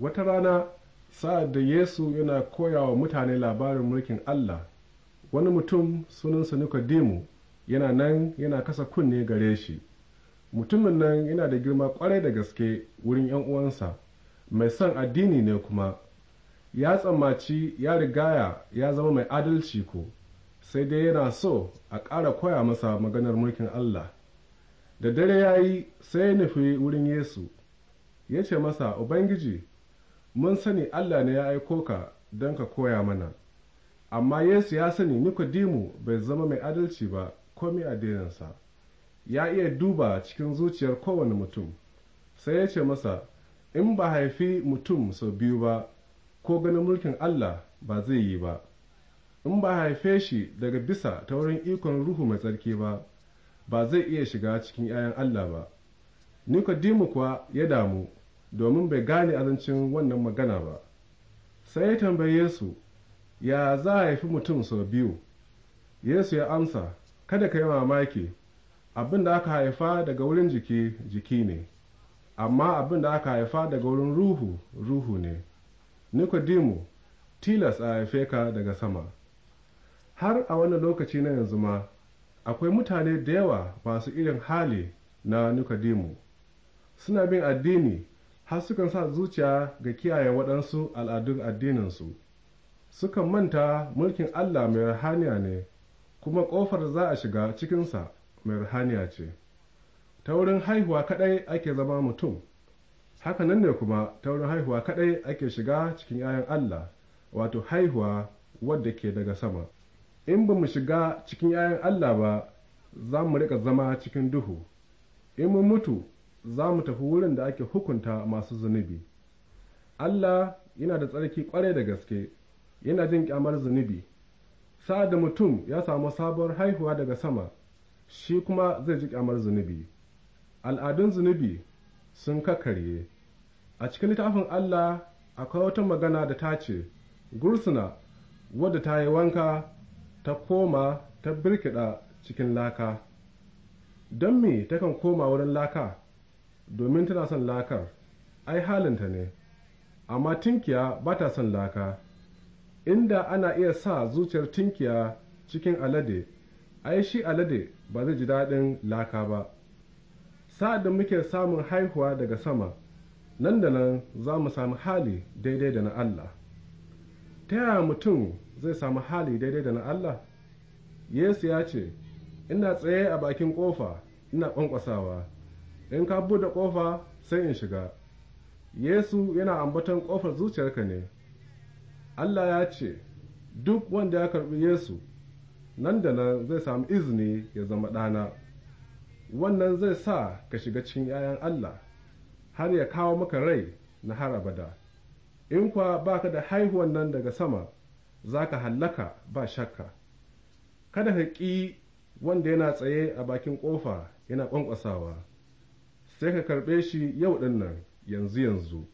wata rana sa'ad da yesu yana koya wa mutane labarin mulkin allah wani mutum sunansa nikodimu yana nan yana kasa kunne gare shi mutumin nan yana da girma kwarai da gaske wurin yan uwansa mai son addini ne kuma ya tsammaci ya rigaya ya zama mai adalci ko sai dai yana so a ƙara koya masa maganar mulkin allah da dare ya yi sai ya nufi wurin yesu ya ce masa ubangiji mun sani Allah ne ya aiko ka don ka koya mana amma Yesu ya sani Nikodimu bai zama mai adalci ba komi addininsa ya iya duba cikin zuciyar kowane mutum sai ya ce masa in ba haifi mutum sau biyu ba ko ganin mulkin Allah ba zai yi ba in ba haife shi daga bisa ta wurin ikon ruhu mai tsarki ba ba zai iya shiga cikin 'ya'yan Allah ba Nikodimu kuwa ya damu domin bai gane azancin wannan magana ba sai ya tambaye su ya za a haifi mutum sau biyu yesu ya amsa kada ka yi mamaki abin da aka haifa daga wurin jiki jiki ne amma abin da aka haifa daga wurin ruhu ruhu ne nikodimu tilas a haife ka daga sama har a wani lokaci na yanzu ma akwai mutane da yawa masu irin hali na nikodimu suna bin addini har sukan sa zuciya ga kiyaye waɗansu al'adun addininsu sukan manta mulkin allah mai ruhaniya ne kuma ƙofar za a shiga cikinsa mai ruhaniya ce ta wurin haihuwa kaɗai ake zama mutum Haka nan ne kuma ta wurin haihuwa kaɗai ake shiga cikin 'ya'yan allah wato haihuwa wadda ke daga sama in ba mu shiga cikin 'ya'yan allah ba za mu riƙa zama cikin duhu in mun mutu za mu tafi wurin da ake hukunta masu zunubi Allah yana da tsarki ƙwarai da gaske yana jin kyamar zunubi sa'ad da mutum ya samu sabuwar haihuwa daga sama shi kuma zai ji kyamar zunubi al'adun zunubi sun kakarye a cikin littafin Allah akwai wata magana da ta ce gursuna wadda ta yi wanka ta koma ta birkiɗa cikin laka don me takan koma wurin laka domin tana son lakar ai halinta ne amma tinkiya ba ta son laka inda ana iya sa zuciyar tinkiya cikin alade ai shi alade ba zai ji daɗin laka ba sa'ad da muke samun haihuwa daga sama nan da nan za mu sami hali daidai da na Allah ta yaya mutum zai sami hali daidai da na Allah Yesu ya ce ina tsaye a bakin ƙofa ina ƙwanƙwasawa in ka buɗe ƙofa sai in shiga yesu yana ambaton ƙofar zuciyarka ne allah ya ce duk wanda ya karɓi yesu nan da nan zai samu izini ya zama ɗana wannan zai sa ka shiga cikin 'ya'yan allah har ya kawo maka rai na har abada in kwa baka da haihuwan nan daga sama za ka hallaka ba shakka kada ka ƙi wanda yana tsaye a bakin ƙofa yana ƙwanƙwasawa. sai ka karɓe shi yau ɗin nan yanzu yanzu